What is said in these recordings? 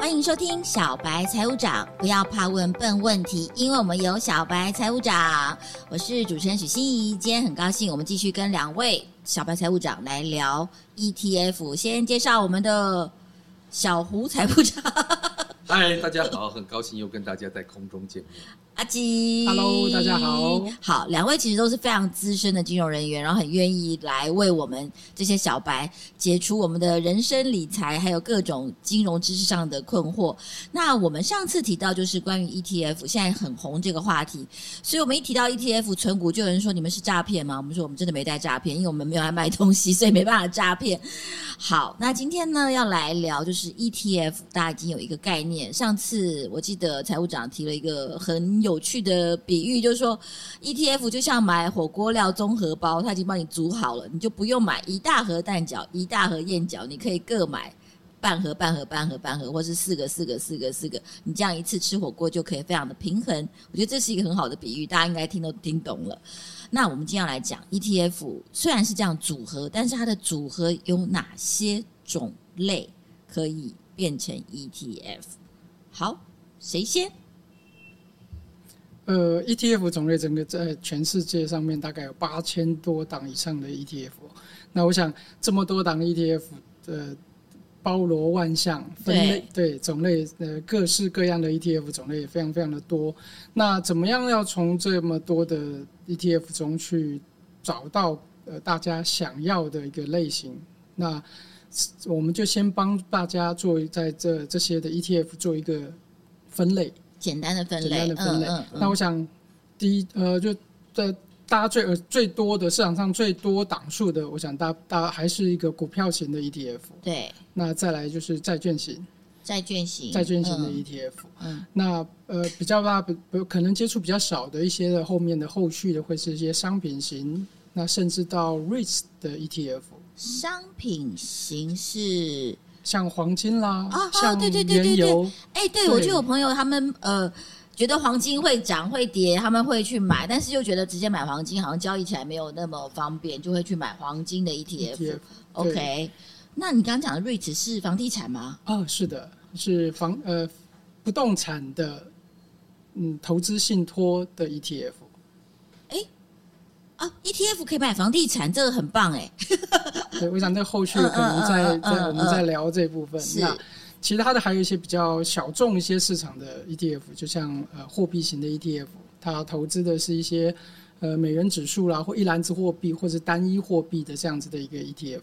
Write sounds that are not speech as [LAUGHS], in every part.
歡迎收聽《小白財務長》，不要怕問笨問題，因為我們有小白財務長。我是主持人許欣怡，今天很高興，我們繼續跟兩位小白財務長來聊 ETF。先介紹我們的小胡財務長，嗨， [LAUGHS] 大家好，很高興又跟大家在空中見面。Hello 大家好，好，兩位其實都是非常資深的金融人員，然後很願意來為我們這些小白解除我們的人生理財還有各種金融知識上的困惑。那我們上次提到就是關於 ETF 現在很紅這個話題，所以我們一提到 ETF 存股，就有人說你們是詐騙嗎？我們說我們真的沒帶詐騙，因為我們沒有來賣東西，所以沒辦法詐騙。好，那今天呢要來聊就是 ETF，大家已經有一個概念。上次我記得財務長提了一個很有。有趣的比喻就是說，ETF 就像買火鍋料綜合包，它已經幫你煮好了，你就不用買一大盒蛋餃、一大盒燕餃，你可以各買半盒、半盒、半盒、半盒，或是四個、四個、四個、四個，你這樣一次吃火鍋就可以非常的平衡。我覺得這是一個很好的比喻，大家應該聽都聽懂了。那我們今天要來講 ETF，雖然是這樣組合，但是它的組合有哪些種類可以變成 ETF？好，誰先？呃，ETF 種類整個在全世界上面大概有八千多檔以上的 ETF。那我想這麼多檔 ETF 的，呃，包羅萬象，分類、對、種類，呃，各式各樣的 ETF 種類也非常非常的多。那怎麼樣要從這麼多的 ETF 中去找到，呃，大家想要的一個類型？那我們就先幫大家做在這這些的 ETF 做一個分類。簡單的分類，簡單的分類、嗯嗯嗯，那我想第一，呃，就在大家最呃最多的市場上最多檔數的，我想大大家還是一個股票型的 ETF，對，那再來就是債券型，債券型債券型的 ETF，嗯，嗯那呃比較大可能接觸比較少的一些的後面的後續的會是一些商品型，那甚至到 REITs 的 ETF，商品型是。像黃金啦，啊、像原油、啊、對，對，對，對對。哎、欸，對，我就有朋友他們呃覺得黃金會漲會跌，他們會去買，嗯、但是又覺得直接買黃金好像交易起來沒有那麼方便，就會去買黃金的 ETF。OK，那你剛剛講的 REITs 是房地產嗎？哦，是的，是房呃不動產的嗯投資信託的 ETF。Oh, ETF 可以買房地產，這個很棒哎！ [LAUGHS] 對，我想在後續可能再 uh, uh, uh, uh, uh, uh, uh, uh. 在再我們再聊這部分。那其他的還有一些比較小眾一些市場的 ETF，就像呃貨幣型的 ETF，它投資的是一些呃美元指數啦，或一籃子貨幣，或是單一貨幣的這樣子的一個 ETF。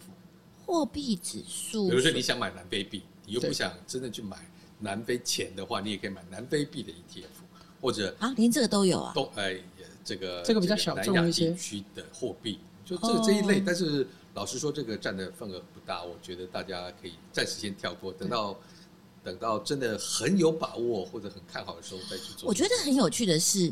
貨幣指數。比如說你想買南非幣，你又不想真的去買南非錢的話，你也可以買南非幣的 ETF，或者。啊，連這個都有啊。都、呃這個這個，比較小眾一些這個南亞地區的貨幣，就這這一類，oh. 但是老實說，這個佔的份額不大，我覺得大家可以暫時先跳過，等到等到真的很有把握或者很看好的時候再去做。我覺得很有趣的是。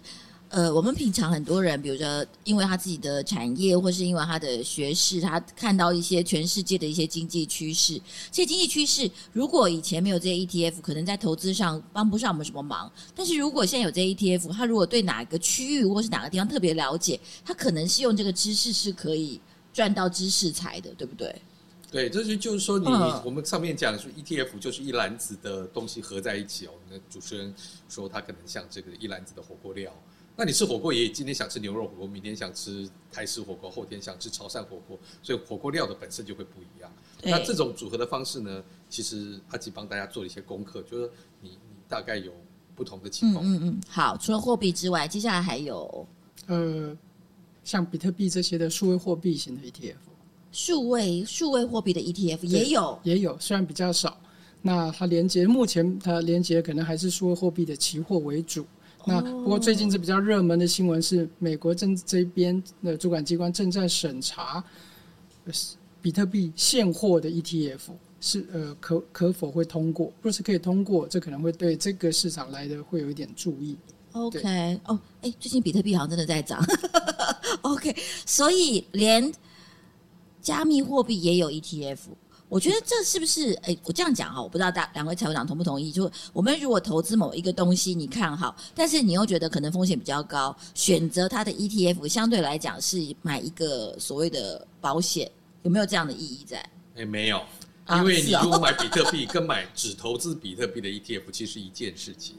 呃，我們平常很多人，比如說，因為他自己的產業，或是因為他的學識，他看到一些全世界的一些經濟趨勢。這些經濟趨勢，如果以前沒有這些 ETF，可能在投資上幫不上我們什麼忙。但是如果現在有這些 ETF，他如果對哪個區域或是哪個地方特別了解，他可能是用這個知識，是可以賺到知識財的，對不對？對，這就就是說你、嗯，你我們上面講的是 ETF 就是一籃子的東西合在一起哦。那主持人說，他可能像這個一籃子的火鍋料。那你吃火鍋也，今天想吃牛肉火鍋，明天想吃台式火鍋，後天想吃潮汕火鍋，所以火鍋料的本身就會不一樣。那這種組合的方式呢，其實阿吉幫大家做了一些功課，就是你你大概有不同的情況。嗯嗯嗯，好，除了貨幣之外，接下來還有呃、嗯，像比特幣這些的數位貨幣型的 ETF，數位數位貨幣的 ETF 也有也有，雖然比較少，那它連結目前它連結可能還是數位貨幣的期貨為主。那不過最近這比較熱門的新聞是，美國正這邊的主管機關正在審查，比特幣現貨的 ETF 是呃可可否會通過，若是可以通過，這可能會對這個市場來的會有一點注意。OK，哦，哎，最近比特幣好像真的在漲。 [LAUGHS] OK，所以連加密貨幣也有 ETF。我覺得這是不是？哎、欸，我這樣講哈，我不知道大兩位財務長同不同意？就我們如果投資某一個東西，你看好，但是你又覺得可能風險比較高，選擇它的 ETF 相對來講是買一個所謂的保險，有沒有這樣的意義在？哎、欸，沒有，因為你如果買比特幣，跟買只投資比特幣的 ETF 其實是一件事情。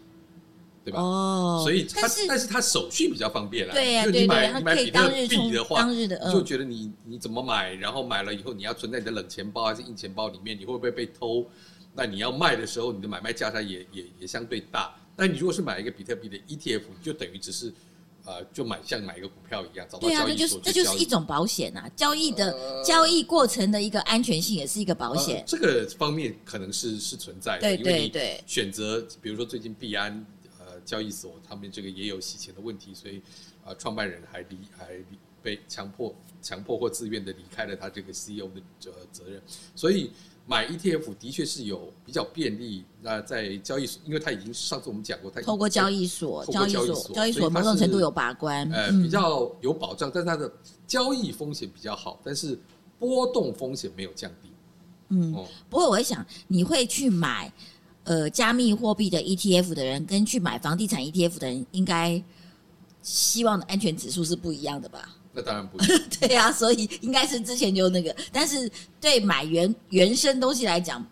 對吧？哦，所以它，但是，但是它手續比較方便了。對呀、啊，對呀。可以你買比特幣的話，當日，當日的，嗯、就覺得你你怎麼買，然後買了以後你要存在你的冷錢包還是硬錢包裡面，你會不會被偷？那你要賣的時候，你的買賣價差也也也相對大。那你如果是買一個比特幣的 ETF，你就等於只是呃，就買像買一個股票一樣，找到交易所這、啊就是、就，就是一種保險啊！交易的、呃、交易過程的一個安全性也是一個保險。呃、這個方面可能是是存在的，對對對，因為對選擇，比如說最近幣安。交易所他們這個也有洗錢的問題，所以啊，創辦人還離還被強迫、強迫或自願的離開了他這個 CEO 的這個責任。所以買 ETF 的確是有比較便利，那在交易所，因為它已經上次我們講過，它透，透過交易所，交易所交易所，所某種程度有把關，嗯，呃，比較有保障，但它的交易風險比較好，但是波動風險沒有降低。嗯，嗯，不過我想你會去買。呃，加密貨幣的 ETF 的人跟去買房地產 ETF 的人，應該希望的安全指數是不一樣的吧？那當然不一樣。 [LAUGHS] 對啊，所以應該是之前就那個，但是對買原原生東西來講，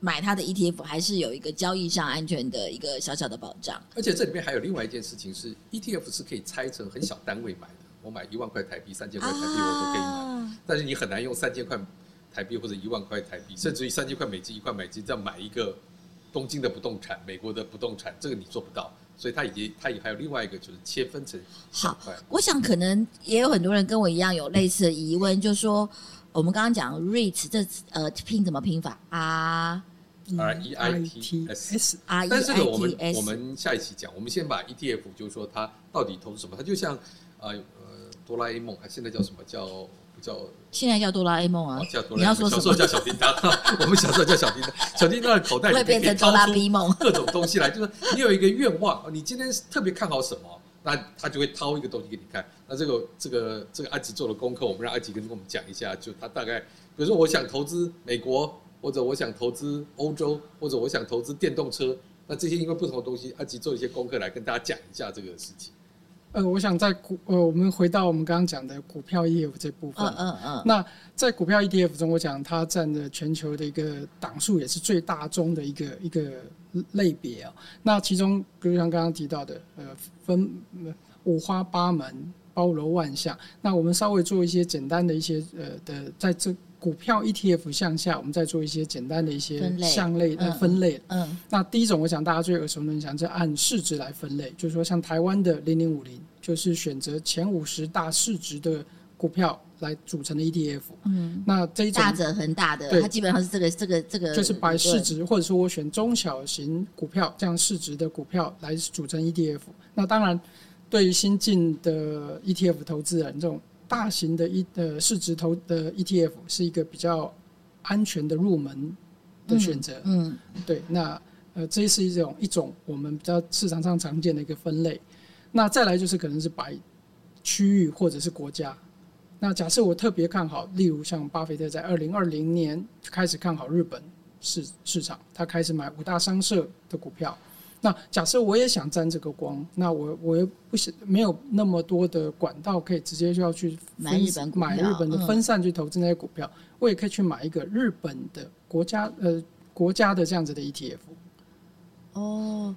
買它的 ETF 還是有一個交易上安全的一個小小的保障。而且這裡面還有另外一件事情是，ETF 是可以拆成很小單位買的。我買一萬塊台幣、三千塊台幣，我都可以買、啊。但是你很難用三千塊台幣或者一萬塊台幣，甚至於三千塊美金、一塊美金這樣買一個。東京的不動產，美國的不動產，這個你做不到，所以他已經，它也還有另外一個，就是切分成。好，我想可能也有很多人跟我一樣有類似的疑問，嗯、就是說我們剛剛講 REIT 這呃拼怎麼拼法？R、啊、R E I T S R, -E -I, -T -S, R -E、I T S。但這個我們 -E、我們下一期講，我們先把 ETF 就是說它到底投什麼？它就像呃呃哆啦 A 夢，它現在叫什麼叫？叫現在叫哆啦 A 夢啊，啊 A, 你要說什麼？小時候叫小叮噹， [LAUGHS] 我們小時候叫小叮噹。小叮噹的口袋裡會變成哆啦 A 夢，各種東西來， [LAUGHS] 就是你有一個願望，你今天特別看好什麼，那他就會掏一個東西給你看。那這個這個這個阿吉做的功課，我們讓阿吉跟我們講一下，就他大概，比如說我想投資美國，或者我想投資歐洲，或者我想投資電動車，那這些因為不同的東西，阿吉做一些功課來跟大家講一下這個事情。呃，我想在股呃，我們回到我們剛剛講的股票 ETF 這部分。嗯、uh, 嗯、uh, uh. 那在股票 ETF 中，我講它佔的全球的一個檔數也是最大宗的一個一個類別、哦、那其中，比如像剛剛提到的，呃，分五花八門、包羅萬象。那我們稍微做一些簡單的一些呃的，在這。股票 ETF 向下，我們再做一些簡單的一些項類的、嗯、分類。嗯，那第一種，我想大家最耳熟能詳就是按市值來分類，就是說像台灣的零零五零，就是選擇前五十大市值的股票來組成的 ETF。嗯，那這一種大者恆大的，對，它基本上是這個這個這個。就是把市值，或者說我選中小型股票這樣市值的股票來組成 ETF。那當然，對於新進的 ETF 投資人、啊、這種。大型的一、呃市值投的 ETF 是一個比較安全的入門的選擇。嗯，嗯，對，那呃，這是一種一種我們比較市場上常見的一個分類。那再來就是可能是買區域或者是國家。那假設我特別看好，例如像巴菲特在二零二零年就開始看好日本市市場，他開始買五大商社的股票。那假設我也想沾這個光，那我我又不想沒有那麼多的管道可以直接就要去買日本股票，買日本的分散去投資那些股票，嗯，我也可以去買一個日本的國家呃國家的這樣子的 ETF。哦，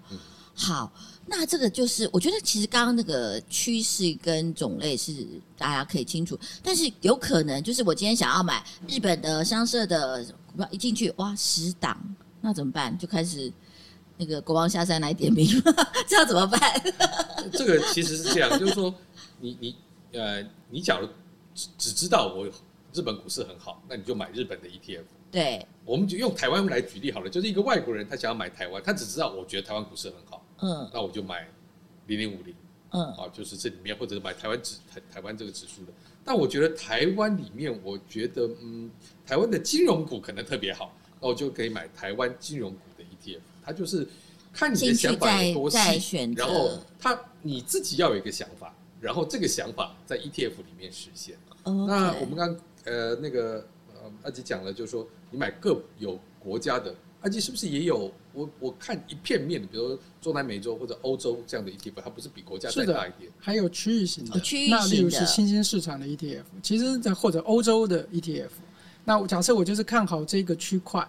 好，那這個就是我覺得其實剛剛那個趨勢跟種類是大家可以清楚，但是有可能就是我今天想要買日本的商社的股票一進去哇，十檔，那怎麼辦？就開始。那個國王下山來點名， [LAUGHS] 這樣怎麼辦？ [LAUGHS] 這個其實是這樣，就是說你，你你呃，你假如，只只知道我日本股市很好，那你就買日本的 ETF。對，我們就用台灣來舉例好了，就是一個外國人他想要買台灣，他只知道我覺得台灣股市很好，嗯，那我就買零零五零，嗯，好，啊，就是這裡面或者是買台灣指台台灣這個指數的。但我覺得台灣裡面，我覺得嗯，台灣的金融股可能特別好，那我就可以買台灣金融股的 ETF。它就是看你的想法有多細，然後他你自己要有一個想法，然後這個想法在 ETF 裡面實現。Okay. 那我們剛呃那個呃阿吉講了，就是說你買各有國家的，阿吉是不是也有？我我看一片面，比如說中南美洲或者歐洲這樣的 ETF，它不是比國家更大一點？還有區域性的，哦，區域性的，那例如是新興市場的 ETF，其實在或者歐洲的 ETF。那我假設我就是看好這個區塊，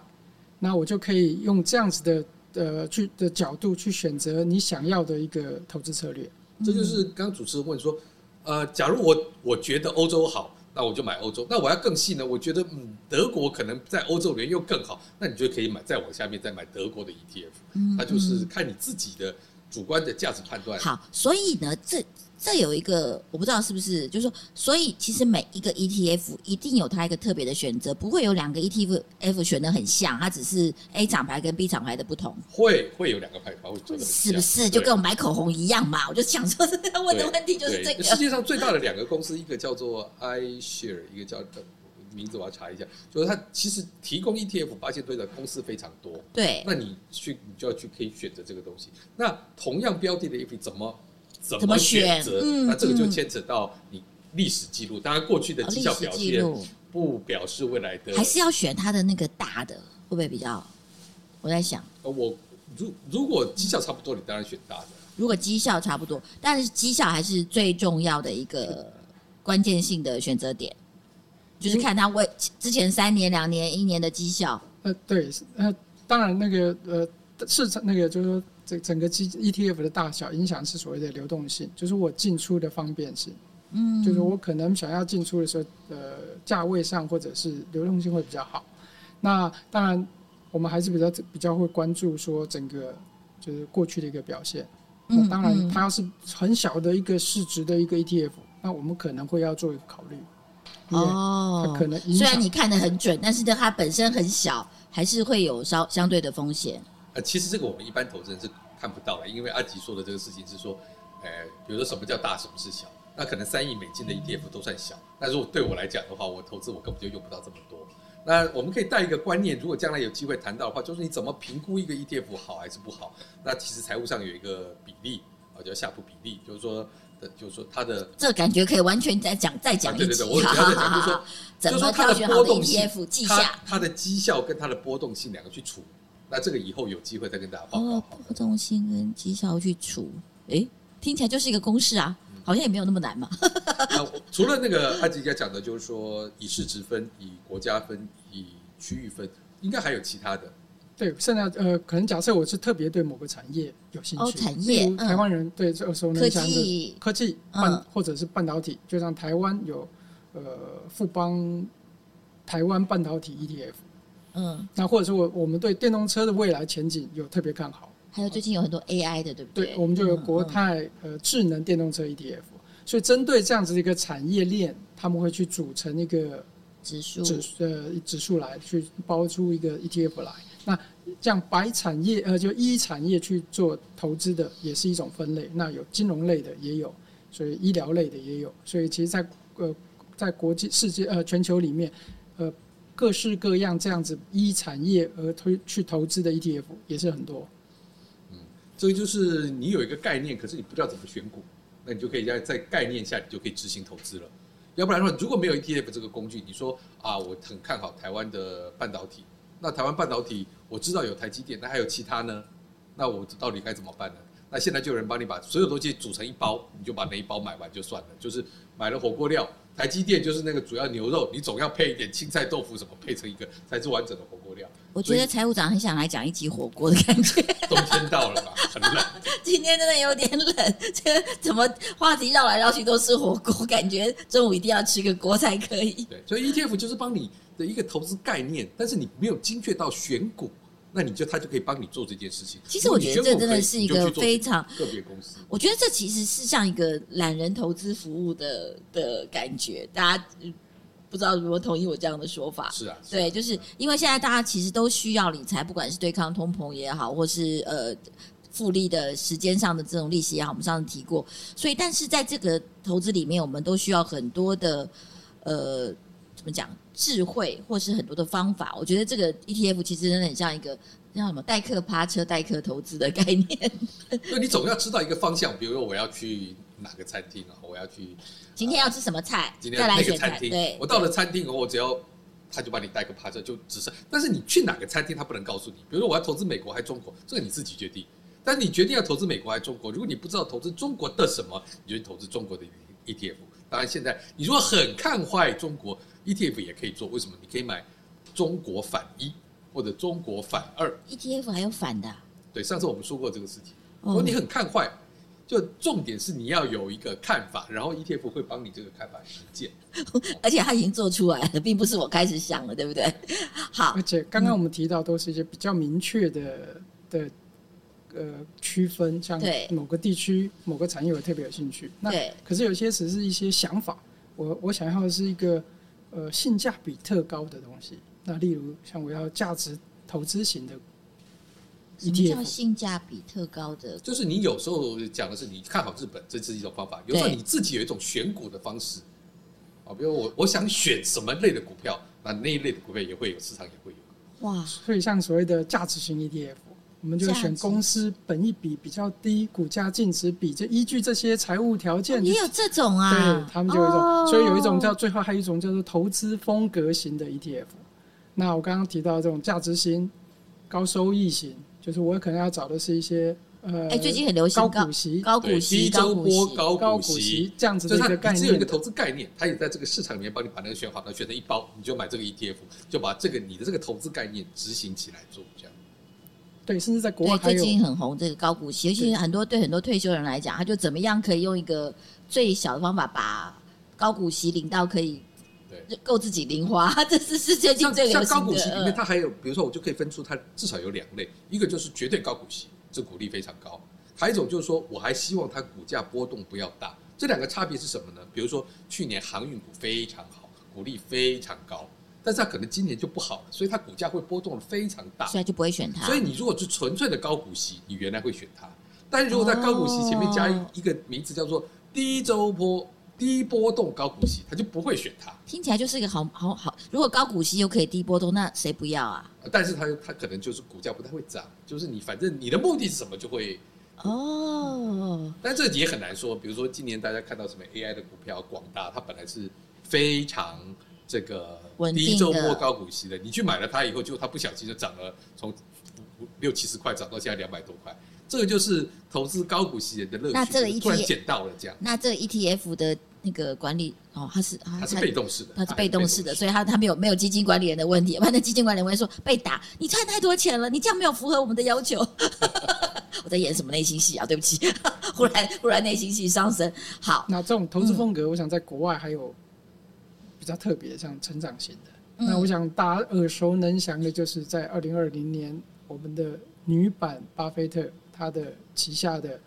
那我就可以用這樣子的。呃，去的角度去選擇你想要的一個投資策略。嗯，這就是剛剛主持人問說，呃，假如我我覺得歐洲好，那我就買歐洲。那我要更細呢，我覺得、嗯、德國可能在歐洲裡面又更好，那你就可以買，再往下面再買德國的 ETF。嗯。它就是看你自己的主觀的價值判斷。好，所以呢，這。這有一個我不知道是不是，就是說，所以其實每一個 ETF 一定有它一個特別的選擇，不會有兩個 ETF 選的很像，它只是 A 廠牌跟 B 廠牌的不同。會會有兩個牌牌會存在，是不是就跟我買口紅一樣嘛？我就想說，問的問題就是這個。世界上最大的兩個公司，一個叫做 iShare，一個叫名字我要查一下，就是它其實提供 ETF 發行的公司非常多。對，那你去你就要去可以選擇這個東西。那同樣標的的 ETF 怎麼，怎麼選擇、嗯？那這個就牽扯到你歷史記錄、嗯，當然過去的績效表現不表示未來的，還是要選它的那個大的，嗯、會不會比較？我在想，呃，我如如果績效差不多、嗯，你當然選大的、啊。如果績效差不多，但是績效還是最重要的一個關鍵性的選擇點，就是看他未、嗯、之前三年、兩年、一年的績效、呃。對，呃，當然那個呃是那個就是說。這整個基 ETF 的大小影響是所謂的流動性，就是我進出的方便性。嗯，就是我可能想要進出的時候，呃，價位上或者是流動性會比較好。那當然，我們還是比較比較會關注說整個就是過去的一個表現。嗯，那當然，它要是很小的一個市值的一個 ETF，嗯，那我們可能會要做一個考慮。哦，它可能影響，雖然你看得很準對，但是它本身很小，還是會有稍相對的風險。呃，其實這個我們一般投資人是看不到的，因為阿吉說的這個事情是說，呃、欸，比如說什麼叫大，什麼是小？那可能三億美金的 ETF 都算小，但如果對我來講的話，我投資我根本就用不到這麼多。那我們可以帶一個觀念，如果將來有機會談到的話，就是你怎麼評估一個 ETF 好還是不好？那其實財務上有一個比例，啊，叫夏普比例，就是說，就是說它的這感覺可以完全再講再講一講、啊，我只要再說，就是、說它的波動性，的 ETF，記下它，它的績效跟它的波動性兩個去處理那、啊、這個以後有機會再跟大家報。波、oh, 動性跟績效去除，哎，聽起來就是一個公式啊，嗯、好像也沒有那麼難嘛。嗯 [LAUGHS] 啊、除了那個阿吉家講的，就是說 [LAUGHS] 以市值分、以國家分、以區域分，應該還有其他的。對，現在呃，可能假設我是特別對某個產業有興趣，oh, 產業，比如台灣人、嗯、對這個時候呢，科技、科技半、嗯、或者是半導體，就像台灣有呃富邦台灣半導體 ETF。嗯，那或者說我我們對電動車的未來前景有特別看好，還有最近有很多 AI 的，對不對？對，我們就有國泰、嗯、呃智能電動車 ETF，所以針對這樣子一個產業鏈，他們會去組成一個指數，指數呃指數來去包出一個 ETF 來。那這樣白產業呃就一、e、產業去做投資的也是一種分類，那有金融類的也有，所以醫療類的也有，所以其實在、呃，在呃在國際世界呃全球裡面，呃。各式各樣這樣子依產業而推去投資的 ETF 也是很多，嗯，這個就是你有一個概念，可是你不知道怎麼選股，那你就可以在在概念下你就可以執行投資了。要不然的話，如果沒有 ETF 這個工具，你說啊，我很看好台灣的半導體，那台灣半導體我知道有台積電，那還有其他呢？那我到底該怎麼辦呢？那現在就有人幫你把所有東西煮成一包，你就把那一包買完就算了。就是買了火鍋料，台積電就是那個主要牛肉，你總要配一點青菜、豆腐什麼，配成一個才是完整的火鍋料。我覺得財務長很想來講一集火鍋的感覺。冬天到了嘛，很冷。今天真的有點冷，這怎麼話題繞來繞去都吃火鍋？感覺中午一定要吃個鍋才可以。對，所以 ETF 就是幫你的一個投資概念，但是你沒有精確到選股。那你就他就可以幫你做這件事情。其實我覺得這真的是一個非常個別公司。我覺得這其實是像一個懶人投資服務的的感覺。大家不知道如何同意我這樣的說法？是啊，對，就是因為現在大家其實都需要理財，不管是對抗通膨也好，或是呃複利的時間上的這種利息也好，我們上次提過。所以，但是在這個投資裡面，我們都需要很多的呃，怎麼講？智慧或是很多的方法，我覺得這個 ETF 其實真的很像一個叫什麼“代客趴車”、“代客投資”的概念。那 [LAUGHS] 你總要知道一個方向，比如說我要去哪個餐廳啊，我要去今天要吃什麼菜，呃、今天一、那個餐廳對。對，我到了餐廳以後，我只要他就把你代客趴車，就只剩。但是你去哪個餐廳，他不能告訴你。比如說我要投資美國還是中國，這個你自己決定。但你決定要投資美國還是中國，如果你不知道投資中國的什麼，你就去投資中國的 ETF。當然，現在你如果很看壞中國。ETF 也可以做，為什麼？你可以買中國反一或者中國反二 ETF，還有反的。對，上次我們說過這個事情。哦。如果你很看壞，就重點是你要有一個看法，然後 ETF 會幫你這個看法實踐。而且它已經做出來了，並不是我開始想了，對不對？好。而且剛剛我們提到都是一些比較明確的的呃區分，像對某個地區某個產業我特別有興趣。那可是有些只是一些想法。我我想要的是一個。呃，性價比特高的東西，那例如像我要價值投資型的 ETF，什麼叫性價比特高的，就是你有時候講的是你看好日本，這是一種方法；有時候你自己有一種選股的方式啊，比如我我想選什麼類的股票，那那一類的股票也會有，市場也會有。哇，所以像所謂的價值型 ETF，我們就選公司本益比比較低，股價淨值比，就依據這些財務條件，就是。也、哦、有這種啊，對，他們就有一種。哦、所以有一種叫最後還有一種叫做投資風格型的 ETF。那我剛剛提到這種價值型、高收益型，就是我可能要找的是一些呃，哎，最近很流行高股，高，高，股低週波高股息、高股息、高股息、高股息，這樣子的一個概念。只有一個投資概念，他也在這個市場裡面幫你把那個選好，那選成一包你就買這個 ETF，就把這個你的這個投資概念執行起來做這樣。對，甚至在國外對，最近很紅這個高股息，尤其很多對，很多退休人來講，他就怎麼樣可以用一個最小的方法把高股息領到可以夠自己零花，這是是最近這個像，像高股息裡面，它還有比如說我就可以分出它至少有兩類，一個就是絕對高股息，這股利非常高；還有一種就是說我還希望它股價波動不要大。這兩個差別是什麼呢？比如說去年航運股非常好，股利非常高。但是它可能今年就不好了，所以它股價會波動得非常大，所以就不會選它。所以你如果是純粹的高股息，你原來會選它，但是如果在高股息前面加一個名字叫做低周波、低波動高股息，它就不會選它。聽起來就是一個好好好，如果高股息又可以低波動，那誰不要啊？但是它它可能就是股價不太會漲，就是你反正你的目的是什麼就會哦。但這也很難說，比如說今年大家看到什麼 AI 的股票，廣大它本來是非常。這個第一周末高股息的，你去買了它以後，就它不小心就漲了，從六七十塊漲到現在兩百多塊，這個就是投資高股息人的樂趣。那這個突然撿到了這樣。那這 ETF 的那個管理哦，它是它是被動式的，它是被動式的，所以它它沒有沒有基金管理人的問題。反正基金管理人會說被打，你賺太多錢了，你這樣沒有符合我們的要求。 [LAUGHS] 我在演什麼內心戲啊？對不起，忽然忽然內心戲上升。好，那這種投資風格，嗯、我想在國外還有。比較特別，像成長型的、嗯。那我想大家耳熟能詳的，就是在二零二零年，我們的女版巴菲特，她的旗下的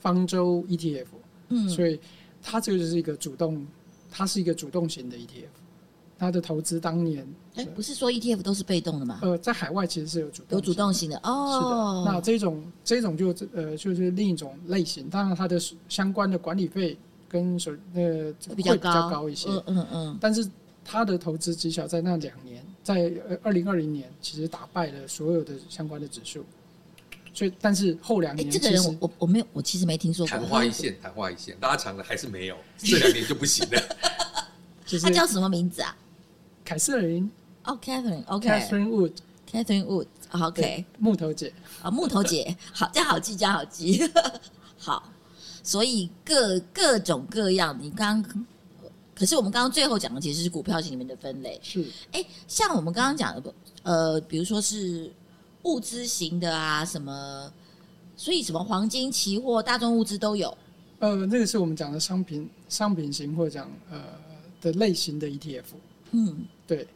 方舟 ETF。嗯，所以它這個就是一個主動，他是一個主動型的 ETF。他的投資當年，哎、欸，不是說 ETF 都是被動的嘛？呃，在海外其實是有主動有主動型的哦，是的。那這種這種就是呃就是另一種類型，當然它的相關的管理費。跟手，呃比較高一些，嗯嗯嗯，但是他的投資績效，在那兩年，在二零二零年，其實打敗了所有的相關的指數。所以，但是後兩年、欸，這個人我我我沒有，我其實沒聽說過。曇花一現，曇、嗯、花一現，拉長了還是沒有， [LAUGHS] 這兩年就不行了。他叫什麼名字啊？凱瑟琳，哦、oh,，Catherine，OK，Catherine、okay. Wood，Catherine Wood，OK，、okay. 木頭姐啊，木頭姐， [LAUGHS] 好加好記，加好記， [LAUGHS] 好。所以各各種各樣，你剛可是我們剛剛最後講的其實是股票型裡面的分類。是，哎、欸，像我們剛剛講的，呃，比如說是物資型的啊，什麼，所以什麼黃金期貨、大眾物資都有。呃，那個是我們講的商品商品型或者講呃的類型的 ETF。嗯，對，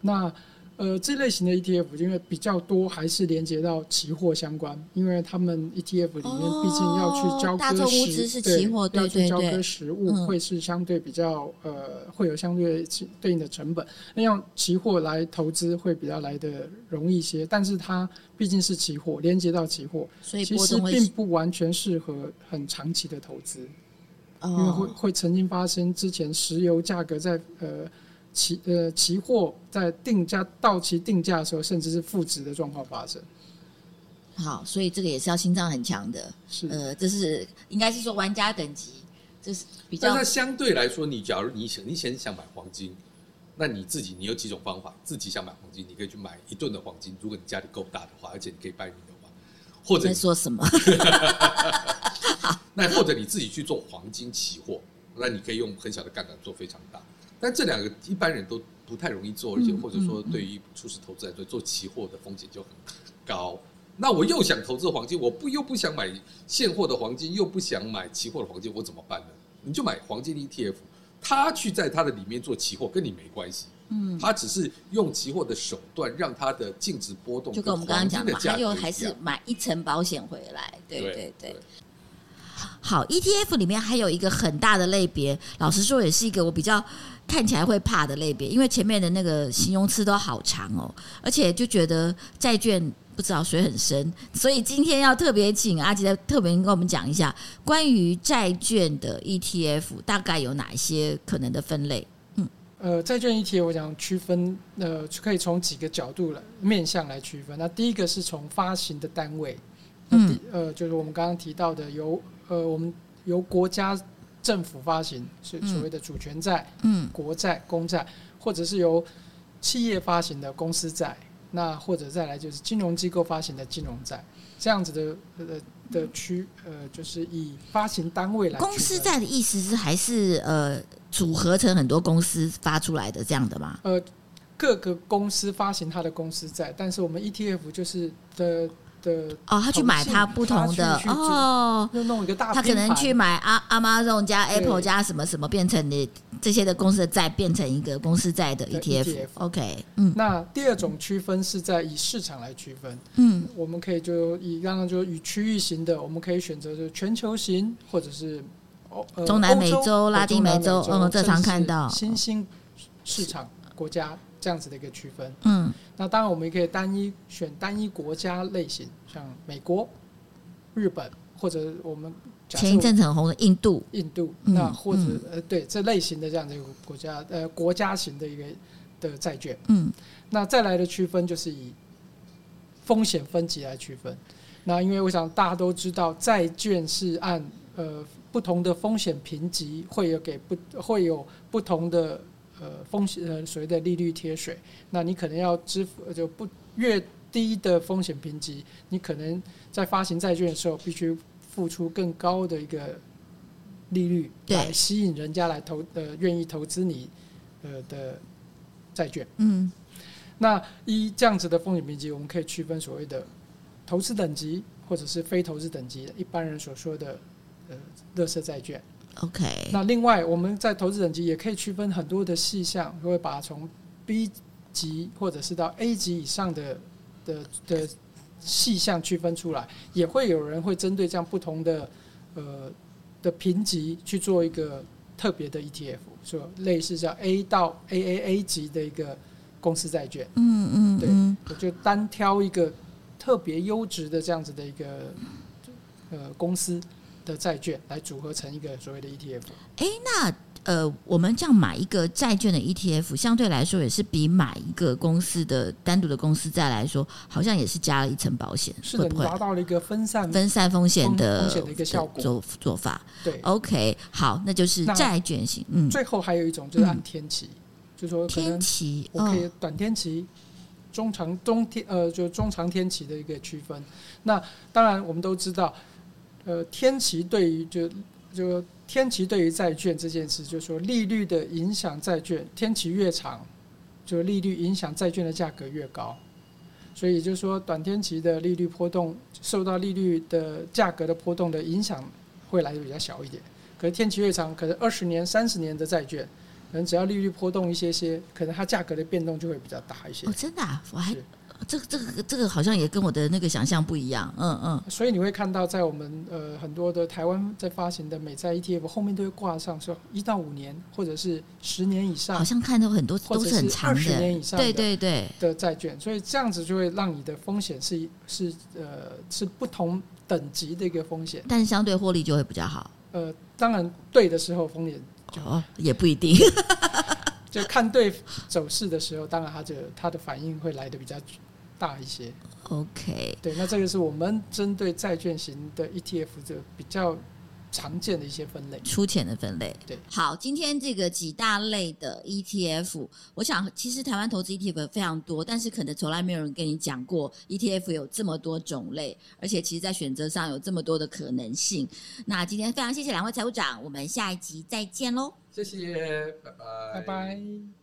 那。呃，這類型的 ETF 因為比較多，還是連接到期貨相關，因為他們 ETF 裡面畢竟要去交割時、哦，大宗物資是期貨對,對,對,對,對，要去交割實物、嗯，會是相對比較呃，會有相對對應的成本。那用期貨來投資會比較來得容易些，但是它畢竟是期貨，連接到期貨，所以其實並不完全適合很長期的投資，哦、因為會會曾經發生之前石油價格在呃。期呃，期貨在定價到期定價的時候，甚至是負值的狀況發生。好，所以這個也是要心臟很強的。是呃，這是應該是說玩家等級，這是比較。那相對來說，你假如你想你以前想買黃金，那你自己你有幾種方法？自己想買黃金，你可以去買一噸的黃金，如果你家裡夠大的話，而且你可以搬運的話，或者你你在說什麼？ [LAUGHS] [LAUGHS] 好，那或者你自己去做黃金期貨，那你可以用很小的槓桿做非常大。但這兩個一般人都不太容易做，而且或者說對於初始投資來說，做期貨的風險就很高。那我又想投資黃金，我不又不想買現貨的黃金，又不想買期貨的黃金，我怎麼辦呢？你就買黃金 ETF，他去在他的裡面做期貨，跟你沒關係。嗯，他只是用期貨的手段讓他的淨值波動，就跟我們剛剛講的，他就還是買一層保險回來。對對對。好，ETF 裡面還有一個很大的類別，老實說，也是一個我比較看起來會怕的類別，因為前面的那個形容詞都好長哦，而且就覺得債券不知道水很深，所以今天要特別請阿杰特別跟我們講一下關於債券的 ETF 大概有哪一些可能的分類？嗯，呃，債券 ETF 我想區分，呃，可以從幾個角度來面向來區分。那第一個是從發行的單位，嗯，呃，就是我們剛剛提到的由呃，我們由國家政府發行是所謂的主權債，嗯、國債、公債，或者是由企業發行的公司債，那或者再來就是金融機構發行的金融債，這樣子的呃的區呃，就是以發行單位來。公司債的意思是還是呃組合成很多公司發出來的這樣的嗎？呃，各個公司發行他的公司債，但是我們 ETF 就是的。的哦，他去買他不同的哦，他可能去買阿阿瑪這種加 Apple 加什麼什麼，變成的這些的公司的債，變成一個公司債的 ETF。的 ETF, OK，嗯，那第二種區分是在以市場來區分。嗯，我們可以就以剛剛就以區域型的，我們可以選擇就全球型，或者是、呃、中南或中南美洲、拉丁美洲，嗯、哦，這常看到新興市場國家。這樣子的一個區分，嗯，那當然我們也可以單一選單一國家類型，像美國、日本，或者我們，我們前一陣子很紅的印度、印度，嗯，那或者呃對這類型的這樣的一個國家呃國家型的一個的債券，嗯，那再來的區分就是以風險分級來區分，那因為我想大家都知道債券是按呃不同的風險評級會有給不會有不同的。呃，風險呃，所謂的利率貼水，那你可能要支付就不越低的風險評級，你可能在發行債券的時候必須付出更高的一個利率來吸引人家來投呃，願意投資你的呃的債券。嗯、mm-hmm.，那一這樣子的風險評級，我們可以區分所謂的投資等級或者是非投資等級，一般人所說的呃，垃圾債券。OK，那另外我們在投資等級也可以區分很多的細項，會把它從 B 級或者是到 A 級以上的的的細項區分出來，也會有人會針對這樣不同的呃的評級去做一個特別的 ETF，說類似叫 A 到 AAA 級的一個公司債券，嗯嗯，對，我就單挑一個特別優質的這樣子的一個呃公司。的債券來組合成一個所謂的 ETF，欸。哎，那呃，我們這樣買一個債券的 ETF，相對來說也是比買一個公司的單獨的公司債來說，好像也是加了一層保險，是的，達到了一個分散分散風險的，的一個效果做做法。對，OK，好，那就是債券型。嗯，最後還有一種就是按天期、嗯、就說天期，我可以短天期、嗯、中長中天呃，就中長天期的一個區分。那當然，我們都知道。呃，天期對於就就天期對於債券這件事，就是說利率的影響債券，天期越長，就利率影響債券的價格越高。所以就是說短天期的利率波動受到利率的價格的波動的影響會來的比較小一點。可是天期越長，可能二十年、三十年的債券，可能只要利率波動一些些，可能它價格的變動就會比較大一些。哦，真的啊，我還。這個這個這個好像也跟我的那個想象不一樣，嗯嗯。所以你會看到，在我們呃很多的台灣在發行的美債 ETF 後面都會掛上說一到五年或者是十年以上，好像看到很多都是很長的十年以上的對對對的債券，所以這樣子就會讓你的風險是是呃是不同等級的一個風險，但相對獲利就會比較好。呃，當然對的時候風險哦，也不一定， [LAUGHS] 就看對走勢的時候，當然它就它的反應會來的比較。大一些，OK，對，那這個是我們針對債券型的 ETF 這比較常見的一些分類，粗淺的分類，對。好，今天這個幾大類的 ETF，我想其實台灣投資 ETF 非常多，但是可能從來沒有人跟你講過 ETF 有這麼多種類，而且其實在選擇上有這麼多的可能性。那今天非常謝謝兩位財務長，我們下一集再見嘍！謝謝，拜拜，拜拜。